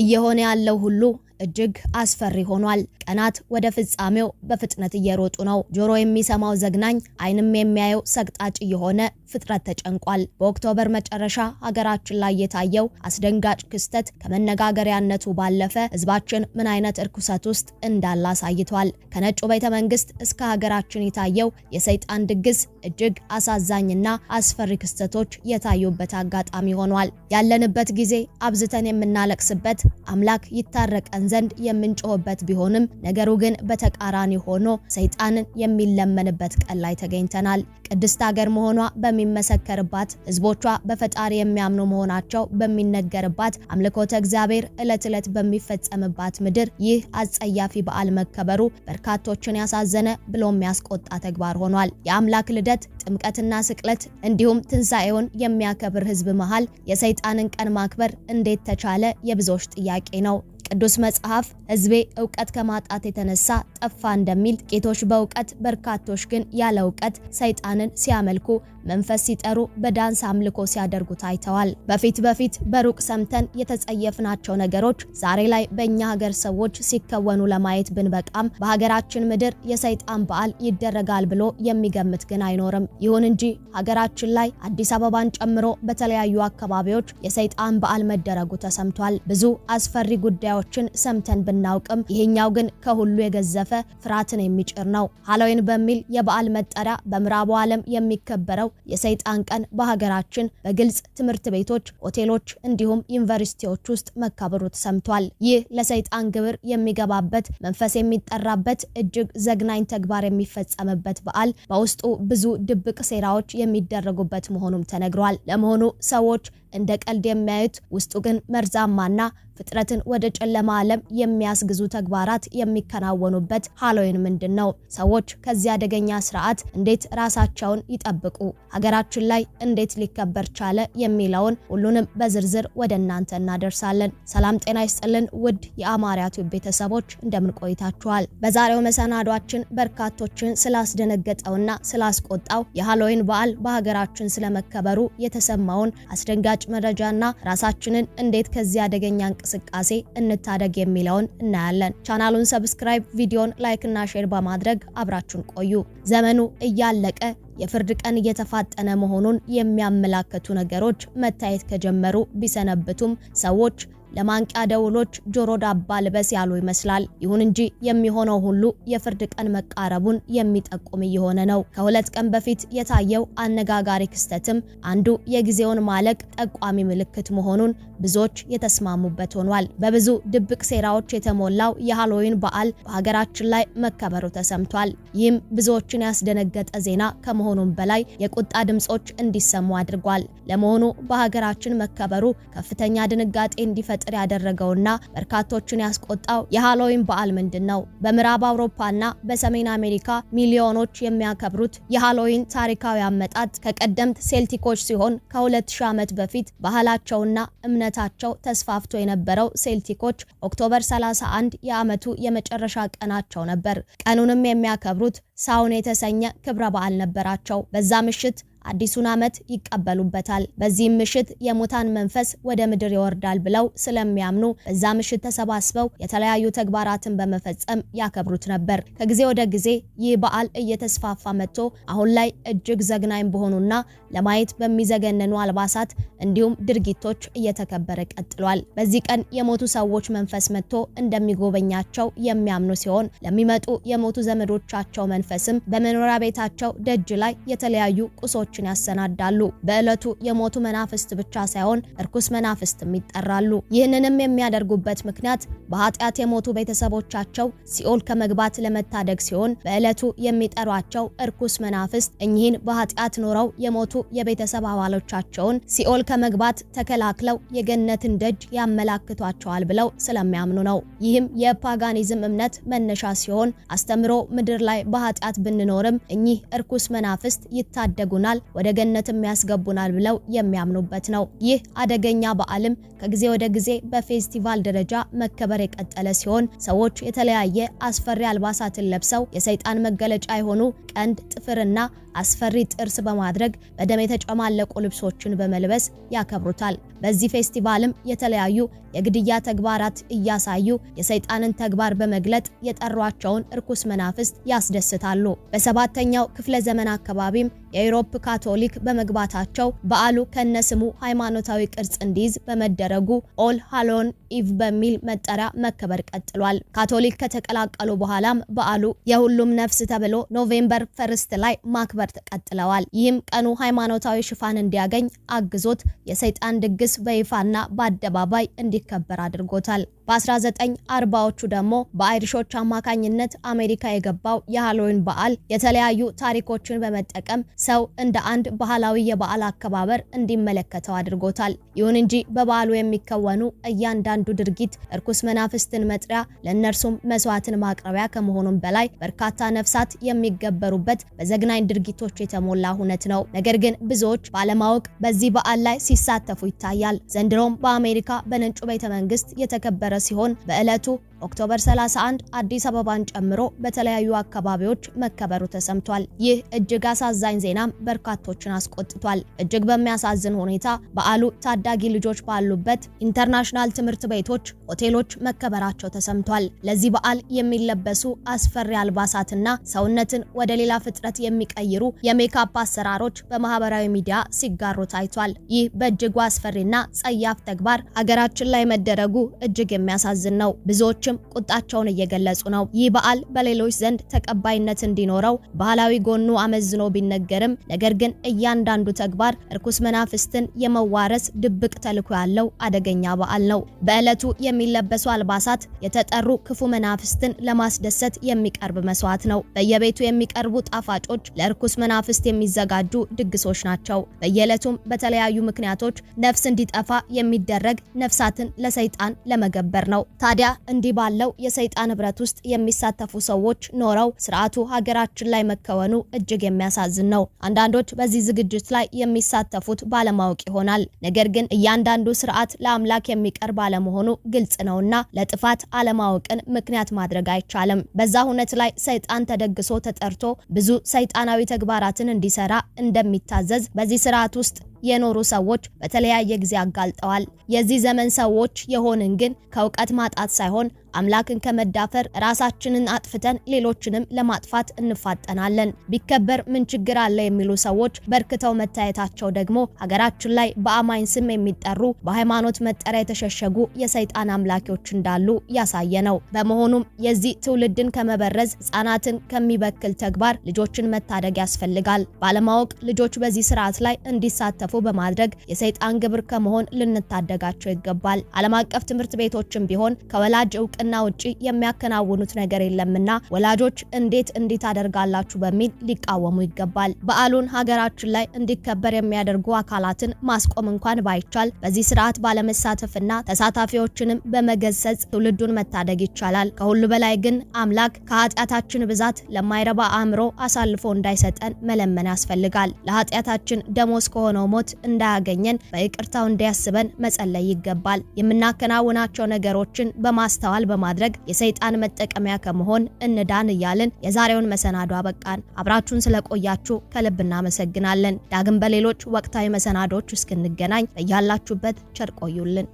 እየሆነ ያለው ሁሉ እጅግ አስፈሪ ሆኗል። ቀናት ወደ ፍጻሜው በፍጥነት እየሮጡ ነው። ጆሮ የሚሰማው ዘግናኝ፣ ዓይንም የሚያየው ሰቅጣጭ የሆነ ፍጥረት ተጨንቋል። በኦክቶበር መጨረሻ ሀገራችን ላይ የታየው አስደንጋጭ ክስተት ከመነጋገሪያነቱ ባለፈ ሕዝባችን ምን አይነት እርኩሰት ውስጥ እንዳለ አሳይቷል። ከነጩ ቤተ መንግስት እስከ ሀገራችን የታየው የሰይጣን ድግስ እጅግ አሳዛኝና አስፈሪ ክስተቶች የታዩበት አጋጣሚ ሆኗል። ያለንበት ጊዜ አብዝተን የምናለቅስበት አምላክ ይታረቀን ዘንድ የምንጮህበት ቢሆንም ነገሩ ግን በተቃራኒ ሆኖ ሰይጣንን የሚለመንበት ቀን ላይ ተገኝተናል። ቅድስት ሀገር መሆኗ በሚመሰከርባት፣ ህዝቦቿ በፈጣሪ የሚያምኑ መሆናቸው በሚነገርባት፣ አምልኮተ እግዚአብሔር ዕለት ዕለት በሚፈጸምባት ምድር ይህ አጸያፊ በዓል መከበሩ በርካቶችን ያሳዘነ ብሎም ያስቆጣ ተግባር ሆኗል። የአምላክ ልደት ጥምቀትና ስቅለት እንዲሁም ትንሣኤውን የሚያከብር ህዝብ መሃል የሰይጣንን ቀን ማክበር እንዴት ተቻለ? የብዙዎች ጥያቄ ነው። ቅዱስ መጽሐፍ ሕዝቤ እውቀት ከማጣት የተነሳ ጠፋ እንደሚል ጥቂቶች በእውቀት በርካቶች ግን ያለ እውቀት ሰይጣንን ሲያመልኩ መንፈስ ሲጠሩ በዳንስ አምልኮ ሲያደርጉ ታይተዋል። በፊት በፊት በሩቅ ሰምተን የተጸየፍናቸው ነገሮች ዛሬ ላይ በእኛ ሀገር ሰዎች ሲከወኑ ለማየት ብንበቃም በሀገራችን ምድር የሰይጣን በዓል ይደረጋል ብሎ የሚገምት ግን አይኖርም። ይሁን እንጂ ሀገራችን ላይ አዲስ አበባን ጨምሮ በተለያዩ አካባቢዎች የሰይጣን በዓል መደረጉ ተሰምቷል። ብዙ አስፈሪ ጉዳዮችን ሰምተን ብናውቅም ይሄኛው ግን ከሁሉ የገዘፈ ፍርሃትን የሚጭር ነው። ሃሎዊን በሚል የበዓል መጠሪያ በምዕራቡ ዓለም የሚከበረው የሰይጣን ቀን በሀገራችን በግልጽ ትምህርት ቤቶች፣ ሆቴሎች እንዲሁም ዩኒቨርሲቲዎች ውስጥ መካበሩ ተሰምቷል። ይህ ለሰይጣን ግብር የሚገባበት መንፈስ የሚጠራበት እጅግ ዘግናኝ ተግባር የሚፈጸምበት በዓል በውስጡ ብዙ ድብቅ ሴራዎች የሚደረጉበት መሆኑም ተነግሯል። ለመሆኑ ሰዎች እንደ ቀልድ የሚያዩት ውስጡ ግን መርዛማና ፍጥረትን ወደ ጨለማ ዓለም የሚያስግዙ ተግባራት የሚከናወኑበት ሃሎዊን ምንድን ነው? ሰዎች ከዚህ አደገኛ ስርዓት እንዴት ራሳቸውን ይጠብቁ? ሀገራችን ላይ እንዴት ሊከበር ቻለ? የሚለውን ሁሉንም በዝርዝር ወደ እናንተ እናደርሳለን። ሰላም ጤና ይስጥልን ውድ የአማርያ ቲዩብ ቤተሰቦች እንደምን ቆይታችኋል? በዛሬው መሰናዷችን በርካቶችን ስላስደነገጠውና ስላስቆጣው የሃሎዊን በዓል በሀገራችን ስለመከበሩ የተሰማውን አስደንጋጭ ተጨባጭ መረጃና ራሳችንን እንዴት ከዚህ አደገኛ እንቅስቃሴ እንታደግ የሚለውን እናያለን። ቻናሉን ሰብስክራይብ፣ ቪዲዮን ላይክ እና ሼር በማድረግ አብራችሁን ቆዩ። ዘመኑ እያለቀ የፍርድ ቀን እየተፋጠነ መሆኑን የሚያመላክቱ ነገሮች መታየት ከጀመሩ ቢሰነብቱም ሰዎች ለማንቂያ ደውሎች ጆሮ ዳባ ልበስ ያሉ ይመስላል። ይሁን እንጂ የሚሆነው ሁሉ የፍርድ ቀን መቃረቡን የሚጠቁም እየሆነ ነው። ከሁለት ቀን በፊት የታየው አነጋጋሪ ክስተትም አንዱ የጊዜውን ማለቅ ጠቋሚ ምልክት መሆኑን ብዙዎች የተስማሙበት ሆኗል። በብዙ ድብቅ ሴራዎች የተሞላው የሃሎዊን በዓል በሀገራችን ላይ መከበሩ ተሰምቷል። ይህም ብዙዎችን ያስደነገጠ ዜና ከመሆኑም በላይ የቁጣ ድምጾች እንዲሰሙ አድርጓል። ለመሆኑ በሀገራችን መከበሩ ከፍተኛ ድንጋጤ እንዲፈጥ እንዲፈጥር ያደረገውና በርካቶቹን ያስቆጣው የሃሎዊን በዓል ምንድን ነው? በምዕራብ አውሮፓና በሰሜን አሜሪካ ሚሊዮኖች የሚያከብሩት የሃሎዊን ታሪካዊ አመጣጥ ከቀደምት ሴልቲኮች ሲሆን ከ2000 ዓመት በፊት ባህላቸውና እምነታቸው ተስፋፍቶ የነበረው ሴልቲኮች ኦክቶበር 31 የዓመቱ የመጨረሻ ቀናቸው ነበር። ቀኑንም የሚያከብሩት ሳውን የተሰኘ ክብረ በዓል ነበራቸው። በዛ ምሽት አዲሱን ዓመት ይቀበሉበታል። በዚህም ምሽት የሙታን መንፈስ ወደ ምድር ይወርዳል ብለው ስለሚያምኑ በዛ ምሽት ተሰባስበው የተለያዩ ተግባራትን በመፈጸም ያከብሩት ነበር። ከጊዜ ወደ ጊዜ ይህ በዓል እየተስፋፋ መጥቶ አሁን ላይ እጅግ ዘግናኝ በሆኑና ለማየት በሚዘገነኑ አልባሳት እንዲሁም ድርጊቶች እየተከበረ ቀጥሏል። በዚህ ቀን የሞቱ ሰዎች መንፈስ መጥቶ እንደሚጎበኛቸው የሚያምኑ ሲሆን ለሚመጡ የሞቱ ዘመዶቻቸው መንፈስም በመኖሪያ ቤታቸው ደጅ ላይ የተለያዩ ቁሶች ዜናዎችን ያሰናዳሉ። በዕለቱ የሞቱ መናፍስት ብቻ ሳይሆን እርኩስ መናፍስትም ይጠራሉ። ይህንንም የሚያደርጉበት ምክንያት በኃጢአት የሞቱ ቤተሰቦቻቸው ሲኦል ከመግባት ለመታደግ ሲሆን በዕለቱ የሚጠሯቸው እርኩስ መናፍስት እኚህን በኃጢአት ኖረው የሞቱ የቤተሰብ አባሎቻቸውን ሲኦል ከመግባት ተከላክለው የገነትን ደጅ ያመላክቷቸዋል ብለው ስለሚያምኑ ነው። ይህም የፓጋኒዝም እምነት መነሻ ሲሆን አስተምሮ ምድር ላይ በኃጢአት ብንኖርም እኚህ እርኩስ መናፍስት ይታደጉናል፣ ወደ ገነትም ያስገቡናል ብለው የሚያምኑበት ነው። ይህ አደገኛ በዓልም ከጊዜ ወደ ጊዜ በፌስቲቫል ደረጃ መከበር የቀጠለ ሲሆን ሰዎች የተለያየ አስፈሪ አልባሳትን ለብሰው የሰይጣን መገለጫ የሆኑ ቀንድ፣ ጥፍርና አስፈሪ ጥርስ በማድረግ በደም የተጨማለቁ ልብሶችን በመልበስ ያከብሩታል። በዚህ ፌስቲቫልም የተለያዩ የግድያ ተግባራት እያሳዩ የሰይጣንን ተግባር በመግለጥ የጠሯቸውን እርኩስ መናፍስት ያስደስታሉ። በሰባተኛው ክፍለ ዘመን አካባቢም የአውሮፕ ካቶሊክ በመግባታቸው በዓሉ ከነስሙ ሃይማኖታዊ ቅርጽ እንዲይዝ በመደረጉ ኦል ሃሎን ኢቭ በሚል መጠሪያ መከበር ቀጥሏል። ካቶሊክ ከተቀላቀሉ በኋላም በዓሉ የሁሉም ነፍስ ተብሎ ኖቬምበር ፈርስት ላይ ማክበር ተቀጥለዋል። ይህም ቀኑ ሃይማኖታዊ ሽፋን እንዲያገኝ አግዞት የሰይጣን ድግስ በይፋና በአደባባይ እንዲ እንዲከበር አድርጎታል። በ1940ዎቹ ደግሞ በአይሪሾች አማካኝነት አሜሪካ የገባው የሃሎዊን በዓል የተለያዩ ታሪኮችን በመጠቀም ሰው እንደ አንድ ባህላዊ የበዓል አከባበር እንዲመለከተው አድርጎታል። ይሁን እንጂ በበዓሉ የሚከወኑ እያንዳንዱ ድርጊት እርኩስ መናፍስትን መጥሪያ፣ ለእነርሱም መስዋዕትን ማቅረቢያ ከመሆኑም በላይ በርካታ ነፍሳት የሚገበሩበት በዘግናኝ ድርጊቶች የተሞላ ሁነት ነው። ነገር ግን ብዙዎች ባለማወቅ በዚህ በዓል ላይ ሲሳተፉ ይታያል። ዘንድሮም በአሜሪካ በነጩ ቤተ መንግስት የተከበረ የነበረ ሲሆን በዕለቱ ኦክቶበር 31 አዲስ አበባን ጨምሮ በተለያዩ አካባቢዎች መከበሩ ተሰምቷል። ይህ እጅግ አሳዛኝ ዜናም በርካቶችን አስቆጥቷል። እጅግ በሚያሳዝን ሁኔታ በዓሉ ታዳጊ ልጆች ባሉበት ኢንተርናሽናል ትምህርት ቤቶች፣ ሆቴሎች መከበራቸው ተሰምቷል። ለዚህ በዓል የሚለበሱ አስፈሪ አልባሳትና ሰውነትን ወደ ሌላ ፍጥረት የሚቀይሩ የሜካፕ አሰራሮች በማህበራዊ ሚዲያ ሲጋሩ ታይቷል። ይህ በእጅጉ አስፈሪና ጸያፍ ተግባር ሀገራችን ላይ መደረጉ እጅግ የሚያሳዝን ነው። ብዙዎች ሰዎችም ቁጣቸውን እየገለጹ ነው። ይህ በዓል በሌሎች ዘንድ ተቀባይነት እንዲኖረው ባህላዊ ጎኑ አመዝኖ ቢነገርም ነገር ግን እያንዳንዱ ተግባር እርኩስ መናፍስትን የመዋረስ ድብቅ ተልዕኮ ያለው አደገኛ በዓል ነው። በዕለቱ የሚለበሱ አልባሳት የተጠሩ ክፉ መናፍስትን ለማስደሰት የሚቀርብ መስዋዕት ነው። በየቤቱ የሚቀርቡ ጣፋጮች ለእርኩስ መናፍስት የሚዘጋጁ ድግሶች ናቸው። በየዕለቱም በተለያዩ ምክንያቶች ነፍስ እንዲጠፋ የሚደረግ ነፍሳትን ለሰይጣን ለመገበር ነው። ታዲያ እንዲህ ባለው የሰይጣን ህብረት ውስጥ የሚሳተፉ ሰዎች ኖረው ስርዓቱ ሀገራችን ላይ መከወኑ እጅግ የሚያሳዝን ነው። አንዳንዶች በዚህ ዝግጅት ላይ የሚሳተፉት ባለማወቅ ይሆናል። ነገር ግን እያንዳንዱ ስርዓት ለአምላክ የሚቀርብ አለመሆኑ ግልጽ ነውና ለጥፋት አለማወቅን ምክንያት ማድረግ አይቻልም። በዛ ሁነት ላይ ሰይጣን ተደግሶ ተጠርቶ ብዙ ሰይጣናዊ ተግባራትን እንዲሰራ እንደሚታዘዝ በዚህ ስርዓት ውስጥ የኖሩ ሰዎች በተለያየ ጊዜ አጋልጠዋል። የዚህ ዘመን ሰዎች የሆንን ግን ከእውቀት ማጣት ሳይሆን አምላክን ከመዳፈር ራሳችንን አጥፍተን ሌሎችንም ለማጥፋት እንፋጠናለን። ቢከበር ምን ችግር አለ የሚሉ ሰዎች በርክተው መታየታቸው ደግሞ ሀገራችን ላይ በአማኝ ስም የሚጠሩ በሃይማኖት መጠሪያ የተሸሸጉ የሰይጣን አምላኪዎች እንዳሉ ያሳየ ነው። በመሆኑም የዚህ ትውልድን ከመበረዝ ህጻናትን ከሚበክል ተግባር ልጆችን መታደግ ያስፈልጋል። ባለማወቅ ልጆች በዚህ ስርዓት ላይ እንዲሳተፉ በማድረግ የሰይጣን ግብር ከመሆን ልንታደጋቸው ይገባል። ዓለም አቀፍ ትምህርት ቤቶችም ቢሆን ከወላጅ እውቅ ከእውቅና ውጪ የሚያከናውኑት ነገር የለምና ወላጆች እንዴት እንዴት አደርጋላችሁ በሚል ሊቃወሙ ይገባል። በዓሉን ሀገራችን ላይ እንዲከበር የሚያደርጉ አካላትን ማስቆም እንኳን ባይቻል በዚህ ስርዓት ባለመሳተፍና ተሳታፊዎችንም በመገሰጽ ትውልዱን መታደግ ይቻላል። ከሁሉ በላይ ግን አምላክ ከኃጢአታችን ብዛት ለማይረባ አእምሮ አሳልፎ እንዳይሰጠን መለመን ያስፈልጋል። ለኃጢአታችን ደሞዝ ከሆነው ሞት እንዳያገኘን በይቅርታው እንዲያስበን መጸለይ ይገባል። የምናከናውናቸው ነገሮችን በማስተዋል በማድረግ የሰይጣን መጠቀሚያ ከመሆን እንዳን እያልን የዛሬውን መሰናዶ አበቃን። አብራችሁን ስለቆያችሁ ከልብ እናመሰግናለን። ዳግም በሌሎች ወቅታዊ መሰናዶዎች እስክንገናኝ በያላችሁበት ቸር ቆዩልን።